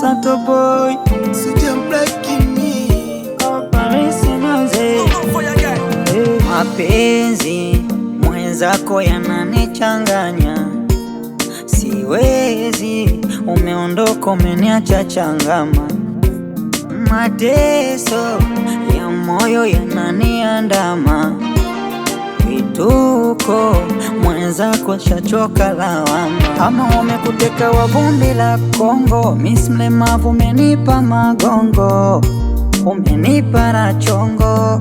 Sato boy eh, mapenzi mwenzako yananichanganya, siwezi. Umeondoka umeniacha changama, mateso ya moyo yananiandama mshtuko, mwenzako ashachoka lawama, ama umekuteka wa vumbi la Kongo. Misi mlemavu umenipa magongo, umenipa na chongo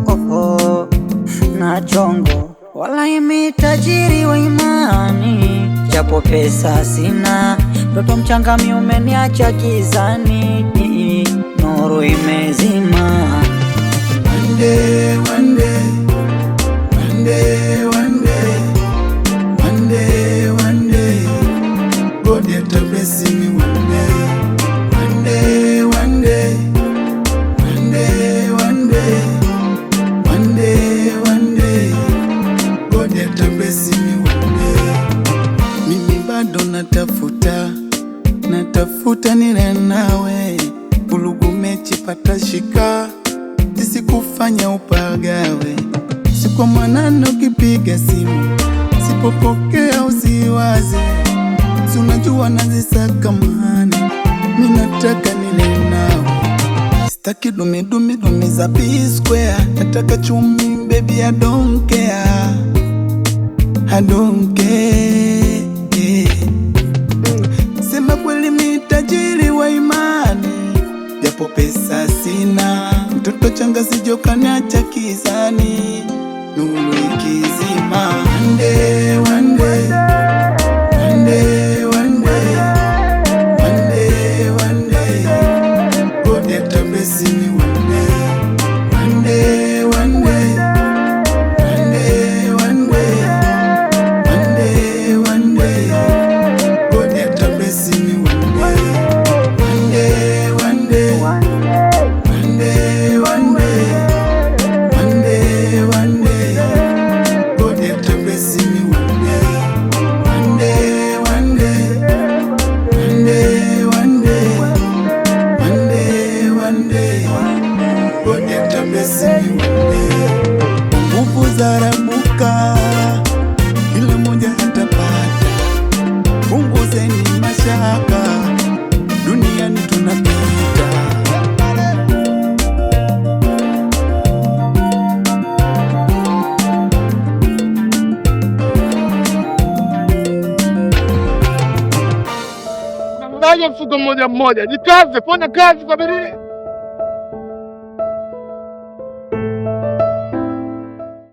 na chongo wala imi tajiri wa imani, japo pesa sina, mtoto mchangami umeniacha kizani nuru imezima Mande Nitafuta nile nawe ulugume mechipata shika, tisikufanya upagawe. Sikwa mwanano kipiga simu sipopokea usiwazi sunajua nazisaka mahani minataka nile nawe Sitaki dumi dumi dumi za B square, nataka chumi baby, I don't care, I don't care Shangazi joka na cha kizani nuru ikizima one wande one day, one duniani tunapita. Aja mfuko mmoja mmoja, jikaze, fanya kazi kwa bidii.